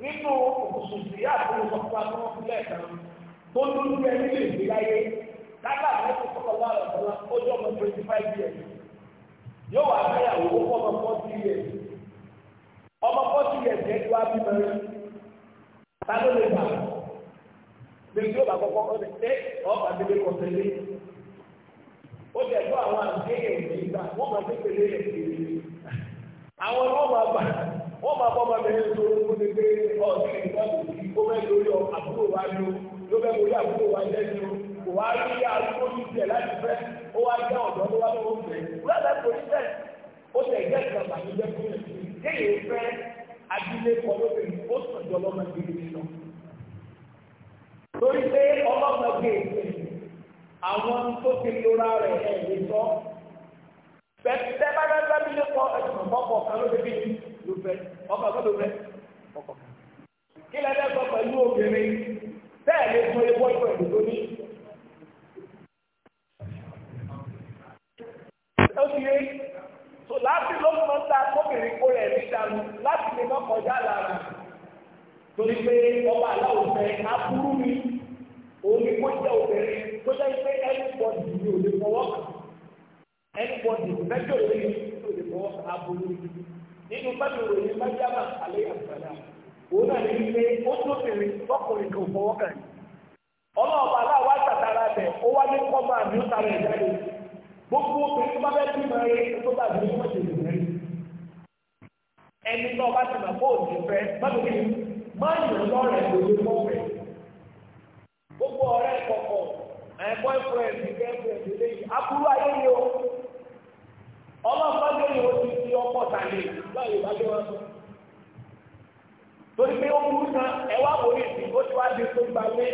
nínú òkùnkùn sí àbúrò sọ́kọ́ àtọ́wọ́ fúnlẹ̀ kan tó lójú ẹ nílé ìgbé láyé lágbà àbẹ́lẹ̀ tó kọ̀ wá wà lọ́wọ́ ọmọ twenty five years yóò wà ọmọ forty years ọmọ forty years tó wá bí ló lè gbà ó tẹ̀lú àwọn àgbéyẹ̀ ìgbà wọ́n máa tẹ́kẹ̀ lé ẹ̀kẹ́ àwọn wọ́n máa bà wọ́n máa bọ́ máa bẹ̀rẹ̀ tó ó ní pé ọ̀sẹ̀ ìgbà kò fẹ́ lórí àbúrò wa ni ó ló fẹ́ lórí àbúrò wa lẹ́nu kò wá rí arúgbó ní tiẹ̀ láti fẹ́ ó wá jẹ́ ọ̀dọ́ ló wá lọ́wọ́ fẹ́ lọ́dà kò ní fẹ́ ó tẹ̀ jẹ́ ìgbà àbújẹ́ fún ẹ̀ kéèyàn fẹ́ abilé kọ́ lóbìnrin ó sọ̀jọ́ lọ́mọdé àwọn tó ti lora rẹ̀ ẹ̀ lè sọ. Bẹ́ẹ̀ bá bá bá bílé kọ ẹ̀sùn ọkọ̀ kan ló débi ní lùfẹ́, ọkọ̀ kan ló fẹ́, ọkọ̀ kan. Kí lẹ́dẹ̀ sọ pẹ̀lú obìnrin bẹ́ẹ̀ lè fún ewu ọjọ́ ìdòdó ní. Ó ti yé tò láti lọ́mọ máa ń ta kóbìnrin kó rẹ̀ ní ìdààmú láti lè má kọjá lára. Torí pé ọba aláwọ̀ fẹ́ aburú mi, òun ni kó jẹ́ obìnrin tó jẹ́ pé ẹnìbọ̀dì ni ò lè fọwọ́ ẹnìbọ̀dì mẹ́jọ lè tó lè fọwọ́ aburú nínú bábí ìròyìn májàmá alẹ́ àgbàdà òun náà ní pé ó tóbìnrin lọ́kùnrin kan fọwọ́ kàn yìí ọlọ́ọ̀bà aláwa tàtàrà bẹ̀ ó wá ní kọ́ máa ní tara ẹ̀ jáde gbogbo obìnrin tó bá fẹ́ bí máa rí tó bá bí wọ́n ṣe lè rí ẹni tó bá gbogbo ọ̀rẹ́ kọ̀ọ̀kọ̀ ẹ boyfriend girlfriend lẹ́yìn aburú ayé ni o ọlọ́pàá lẹ́yìn o ti fi ọkọ̀ báyìí bá lọ́wọ́ sọ. torí pé ó burú náà ẹ wá wòye sí ó ti wá di tó gba lé.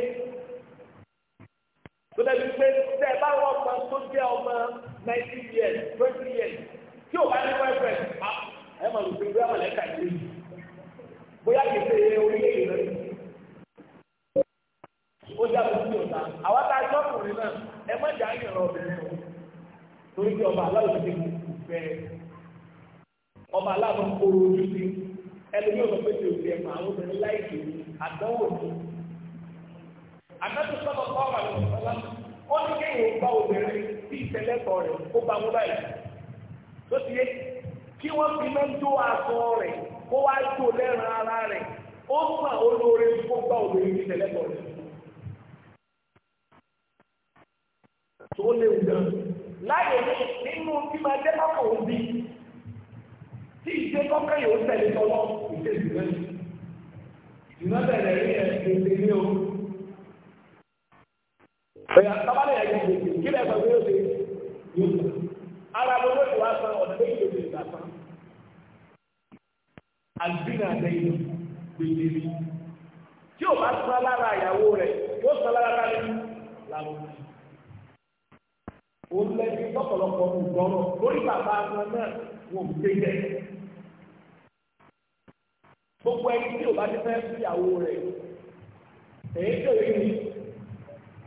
tó dẹ́bi pé tẹ́ ẹ bá wọ́n ọmọ tó ọmọ years twenty years tí o bá ní boyfriend ẹ mọ̀ lùpẹ̀ bí wọ́n mọ̀ lẹ́ka ìdílé bóyá kìí ṣe orílẹ̀-èdè ó yá lójú ní ọ̀tá àwọn tá a jọ ọkùnrin náà ẹ má jà ìyàrá obìnrin o torí pé ọba aláwọ̀ ti kú kú fẹ́ ọba aláwọ̀ kóró ojú sí ẹlòmí ọ̀sán pé ti òsì ẹ̀fọ́ àwọn obìnrin láì tó àdánwò ní. àtàtù sọ́kọ̀ kọ́ ọ̀rọ̀ àwọn ọ̀sán láti wọ́n ní kéèyàn bá obìnrin sí ìtẹ́lẹ́kọ̀ọ́ rẹ̀ ó bá mú báyìí tó ti yé kí wọ́n fi mẹ́ńdó aṣọ rẹ̀ kó wá tó lẹ́ran ara rẹ̀ ó mọ̀ olóore kó gbá obìnrin sí ìtẹ́lẹ́kọ̀ọ́ rẹ̀ tó léwu gan láyé nínú bí máa jẹ́ kọ́kọ́ òun bí tí ìgbé kọ́kọ́ yóò tẹ̀lé tọ́lọ́ ìgbé ìgbé ìgbé bẹ̀rẹ̀ rí ẹ̀ gbèsè ní o. Bẹ̀rẹ̀ àtàbálẹ̀ ẹ̀ gbèsè kí lè gbàgbé yóò ṣe yóò sọ. Ara ló lóṣù wá san ọ̀dọ́ tó yóò ṣe ìgbà san. Àgbínà àtẹ̀yìn gbèsè ni. Tí ò bá san lára ìyàwó rẹ̀, yóò san lára rẹ̀ láwọn ó lẹ́yìn lọ́pọ̀lọpọ̀ ìgbọ́nà lórí bàbá wọn náà wọn ò gbé yẹ. gbogbo ẹni tí ò bá ti fẹ́ fi ìyàwó rẹ̀ èyí tó rí ni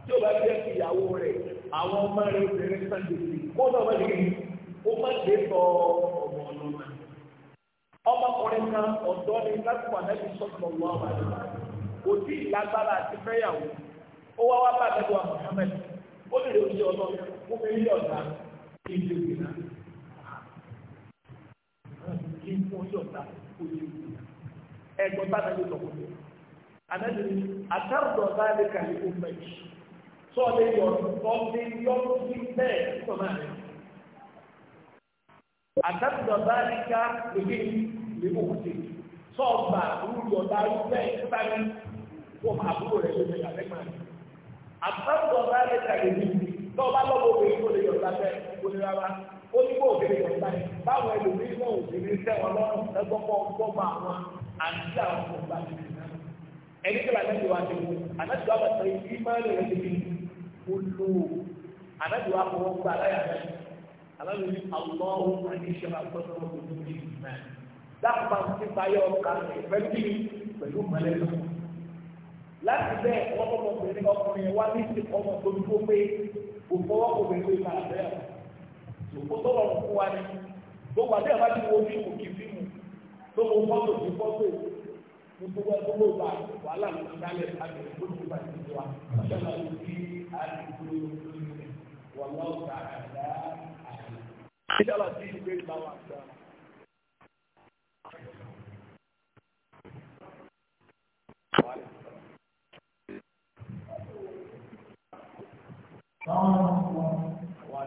tí ò bá ti fẹ́ fi ìyàwó rẹ̀ àwọn ọmọ rẹ̀ obìnrin sàn gbèsè kó náà wọ́n lè rí ó má dé sọ ọmọ ọlọ́mọ. ọmọkùnrin kan ọ̀dọ́ ni láti wà lẹ́yìn sọ́kùnrin ọ̀gbọ́n àwọn àdúrà kò tí ì lágbára àti fẹ́yàwó ó wá wá bá àdúrà Muhammad mo fẹ́ ilé ọ̀tá kí n lè gbìnà kí n fún ilé ọ̀tá kó lè gbìnà ẹ̀gbọ́n bá dájú sọ fún mi ànájú ni àtàrùdọ̀ bá lè kà ní ọmọ yìí sọ lè yọ sọ lè yọ sí bẹ́ẹ̀ sọ náà rẹ̀ àtàrùdọ̀ bá lè kà lè lè mọ̀ sí sọ́ọ̀bà olùyọ̀ ọ̀tá ló bẹ́ẹ̀ tó a ní fún àbúrò rẹ̀ ló fẹ́ yà lẹ́gbàá àtàrùdọ̀ bá lè kà lọ́wọ́ bá lọ́wọ́ obìnrin kò lè yọ̀ lábẹ́ kò lè rárá ó ní kó òbí yọ̀ lábẹ́ báwọn ẹlòmíì náà òbí sẹ́wọ̀n lọ́rùn lẹ́gbọ́kọ́ gbọ́mọ àwọn àti àwọn kò gbà ní ẹni tí wàá nẹ́ẹ̀dì wá ti wù ànájú wa bàtà yìí ìmáàlì rẹ̀ ti fi kú lù ànájú wa kọ̀ wọ́n gbà láyà rẹ̀ aláwọ̀ ní àwòrán àti ìṣẹ̀lẹ̀ àgbọ̀dọ̀ ọ̀gbọ̀dọ̀ ní ìgbà dáàbà ti fàyọ̀ kan pẹ̀lú kí pẹ̀lú mọ̀lẹ́lú láti bẹ́ẹ̀ ọmọkùnrin ọkùnrin wa ní ìsìn ọmọ tó ń gbó pé kò fọwọ́ kò fẹ́ pé máa bẹ́ẹ̀ ṣòkó tó rọrùn fún wa ni gbogbo àti ẹ̀ bá ti wo fíìmù kì í fíìmù tó wo fọ́tò kì í fọ́tò gbogbo ẹ̀ tó wò bá wàhálà ló ti dálẹ̀ àti ẹ̀ tó ti bá ti wá ṣẹ́ máa lò sí àdìgbò wàhálà ọ̀gá àdá àdá.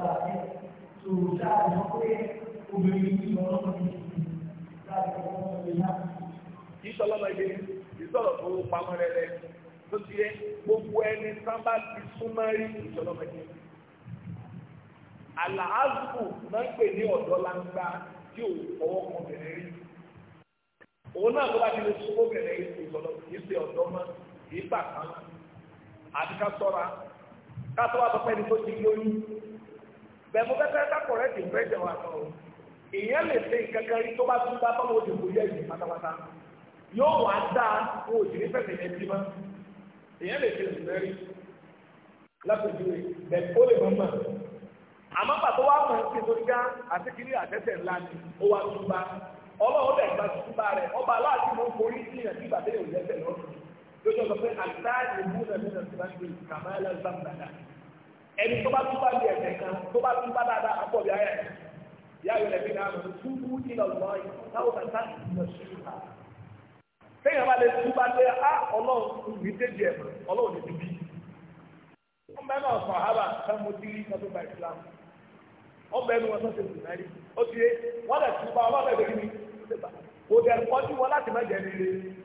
ọ̀gá rẹ̀ tó dáa mọ́ pé obìnrin yìí lọ́wọ́ lọ́wọ́ ní ìlú láti ọwọ́ ọ̀gbìn náà. kì í sọlọ́mọ ilé ìsọ̀rọ̀ tó pamọ́ rẹ̀ rẹ̀ tó ti yẹ gbogbo ẹni sábà ti súnmọ́ rí ìsọlọ́mọ ilé. àlàáfù máa ń pè ní ọ̀dọ́ láńgbá tí ò fọwọ́ kan bẹ̀rẹ̀ rí. òun náà ló bá ti lè súnmọ́ bẹ̀rẹ̀ ìsọlọ́mọ kì í ṣe ọ̀dọ́ mọ́ kì kan àti ká sọ́ra ká tó wá sọ tó ti lóyún bẹ́ẹ̀ mo fẹ́ ká kọ̀rẹ́ tì fẹ́ jẹ wa sọ ìyẹn lè ṣe kankan rí tó bá tún bá báwo ti kò yẹ yìí pátápátá yóò wá dá o ò sì ní fẹsẹ̀ yẹn bí mọ́ ìyẹn lè ṣe ìṣẹ̀lẹ̀ rí lápèjúwe bẹ́ẹ̀ ó lè mọ̀ mọ́ àmọ́ pàtó wá mọ̀ sí torí ká àtẹ́kiri àtẹ́tẹ̀ ńlá ni ó wá tún bá ọlọ́run lè gba tuntun bá rẹ̀ ọba aláàtí ẹni tó bá túbà bí ẹ̀jẹ̀ kan tó bá túbà dáadáa àpọ̀ bí ayẹ yà yọ lẹ́bi náà lọ túbú ní ọ̀gbọ́n yìí táwọn kan tá ìlọ sí i ká. téèyàn bá lè túbà dé á ọlọ́run ní déjì ẹ̀mọ́ ọlọ́run ní débi. wọ́n bẹ́ẹ̀ náà sọ àbá sẹ́mu tí ní sọ́tò bá Islam wọ́n bẹ́ẹ̀ ni wọ́n sọ́tò ìsìnkárí ó ti yé wọ́n lè túbà wọ́n lè débi ní kò dẹ̀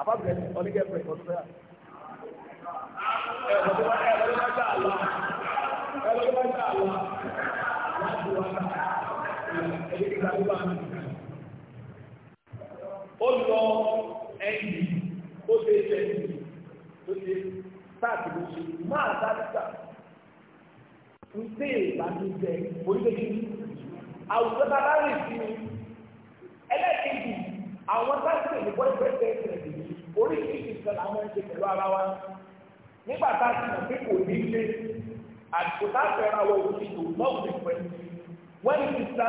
àbábẹ̀ onígẹ̀ẹ́fẹ̀ ìkọ̀síra ó lọ ẹ̀yìn ó ṣe ṣe ẹ̀yìn tó ṣe sáàtì ló ṣe máa dáadáa ń tẹ́ ìbànújẹ́ orílẹ̀-èdè àwùjọ bàbá rẹ̀ sí ẹlẹ́kẹ̀ẹ́jì àwọn sáyẹnsì ní bọ́ọ̀lù bẹ́ẹ̀ tẹ́ ẹ̀sìn ẹ̀sìn yìí oríṣiríṣi ìṣẹ̀lẹ̀ àwọn ẹ̀ṣẹ̀ pẹ̀lú ara wa nígbà tá a ti mọ̀ pé kò ní ilé àtìkò tá a fẹ́ ra wọ òbí tó lọ́wọ́ ní pẹ̀lú wọ́n ti sá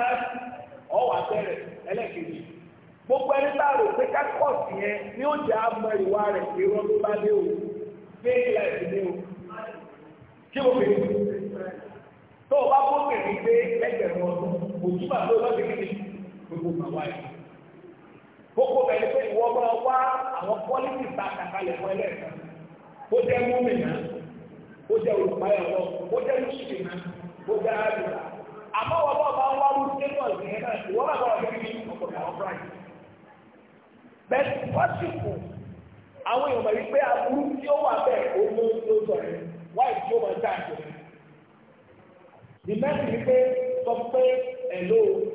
ọwọ́ àtẹ̀rẹ̀ ẹlẹ́kejì gbogbo ẹni tá a rò pé kákọ́ọ̀tì yẹn ni ó jẹ́ àmọ́ ìwà rẹ̀ irọ́ ló bá dé o fake life dé o kí o bèrè tó o bá bó bèrè pé lẹ́gbẹ̀rún ọdún òjúbà tó lọ́ọ́ kókó bẹ̀rẹ̀ pé ìwọ bá wá àwọn pọ́lítì ta fún ẹlẹ́ẹ̀kan jẹ́ múmìnà jẹ́ jẹ́ jẹ́ àdùrà àmọ́ bá wá wúlò nínú ọ̀sìn yẹn náà bẹ́ẹ̀ àwọn èèyàn pé aburú tí ó wà bẹ́ẹ̀ rẹ̀ wáyé tí ó máa rẹ̀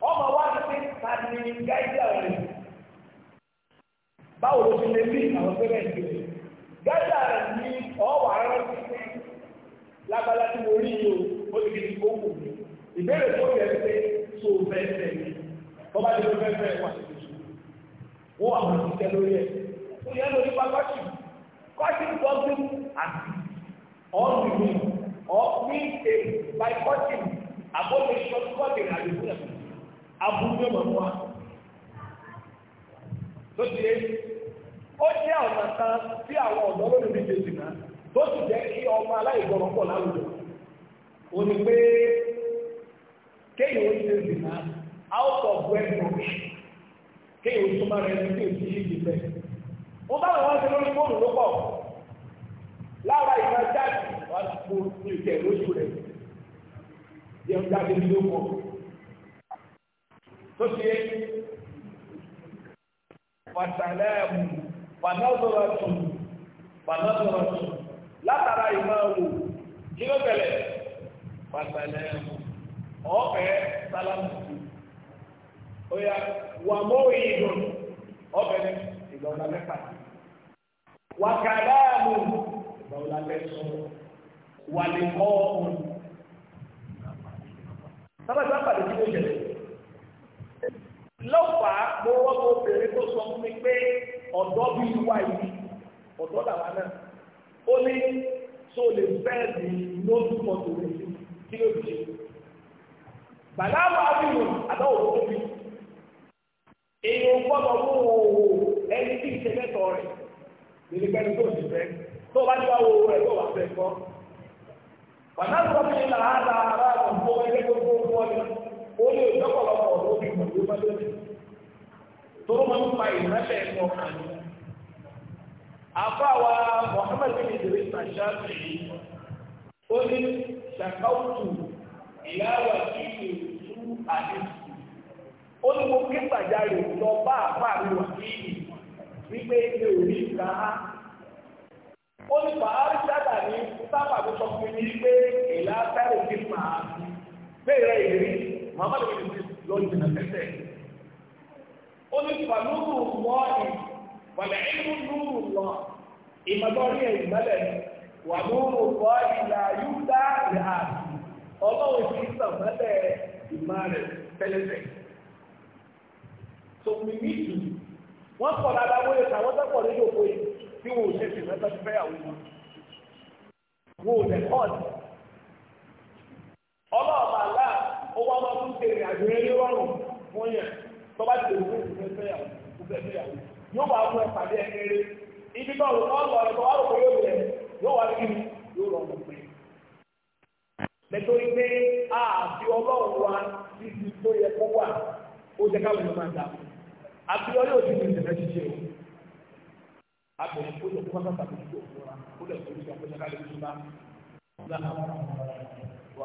ọmọ wa ti pé ta ni gáídà rẹ̀ báwo ló ti lè bí àwọn pẹ́rẹ́ ìgbé gáídà rẹ̀ ní ọwọ́ àárọ̀ ti pé lábala tí mo rí yìí o ó ti di kókò ìbéèrè tó yẹ pé tó fẹ́fẹ́ ni bọ́bá ti ló fẹ́fẹ́ wà ní ìṣù wọ́n àwọn ìṣiṣẹ́ lórí ẹ̀ ó yẹ lórí pápákì kọ́sì gbọ́dún àti ọ̀rùn mi ọ̀ ní èyí by cutting ní ọmọ mú wa tó ti yé ó jẹ́ ọ̀nà kan tí àwọn ọ̀dọ́ lónìí ní jésù náà tó sì jẹ́ kí ọmọ aláìgbọràn pọ̀ láwùjọ ò ní pé kéèyàn ó ṣe jésù náà out of wedlock kéèyàn ó súnmọ́ rẹ̀ ní kéèyàn ti ṣe jù bẹ́ẹ̀. mo bá wọn wá sí lórí fóònù ló pọ̀ lára ìgbà jáde wà lóko ní ìkẹ́ lóṣù rẹ̀ yẹn jáde ní ló pọ̀ tó ti yé wàtàlẹ́ẹ̀mù pànọ́sọ̀rọ̀tù pànọ́sọ̀rọ̀tù látara ìmọ̀ wò kí ló bẹ̀rẹ̀ wàtàlẹ́ẹ̀mù ọ̀fẹ́ sálámù oya wàmọ́wé ìdùn ọ̀fẹ́ ìgbọ̀nà mẹ́fà wàkàlẹ́ẹ̀mù ìgbọ̀nà mẹ́sọ̀ wàlẹ̀kọ́ ọ̀hún. sábà sábà lè fi ló jẹ̀lẹ̀ lọ́pàá mo wọ́n mo bèrè tó sọ fún mi pé ọ̀dọ́ bí wá yìí ọ̀dọ́ làwọn náà ó ní tó lè bẹ́ẹ̀ ní lóṣù mọ́tò rẹ̀ kí ló dé bàláwà bínú àdáwò tó bí èèyàn gbọ́dọ̀ mú òwò ẹni tí ìṣẹ̀lẹ̀tọ̀ rẹ̀ lè pẹ́ni tó ti fẹ́ tó bá níwá owó rẹ̀ tó wà fẹ́ kọ́ bàláwà bínú làwọn àdá àrà àkọ́kọ́ ẹgbẹ́ gbogbo wọn ó tó máa ń fa ìrẹ́lẹ̀ kan ní. àfáwa Muhammad bin Idris àṣàṣì ó ní ṣàkáwùtù ìyáwó àti ìlú àdéhùn ó ní mo ké gbàjarè lọ bá àbá mi wà ní wípé ilé òní á ó ní ní sábà tó sọ fún mi pé ìlà muhammadu bin idris lọ jìnnà tẹ́tẹ́ ó ní fanúrù wọ́ ẹ̀ wàlẹ̀ ẹ̀mú núrù lọ ìmọ̀lọ́rí ẹ̀ ìmọ̀lẹ̀ wà núrù wọ́ ìlà yúdá ìhà ọlọ́run ti sàmọ́lẹ̀ ìmọ̀ rẹ̀ tẹ́lẹ̀tẹ̀ so we need to wọ́n kọ̀ lára wọlé tàwọn tó pọ̀ lójú òkú yìí tí wọn ò ṣe sì mẹ́tọ́ ti fẹ́yàwó wọn wọn ò lẹ̀ ọlọ́ọ̀bà láà ó wá máa fún tèrè àgbèrè ní rọrùn fún yẹn tó bá tèrè fún ìfẹ́ fẹ́yàwó ìfẹ́ fẹ́yàwó yóò wá fún ẹ̀pàdé ẹ̀kẹ́rẹ́ ibi náà ló wá lọ ẹ̀kọ́ wá bẹ̀rẹ̀ yóò wá kí ni yóò rọrùn a ọlọ́run wa títí tó yẹ kó wà ó jẹ́ káwọn èèyàn máa dà ọ yóò ti ìṣẹ̀lẹ̀ o àbẹ̀rẹ̀ kó kó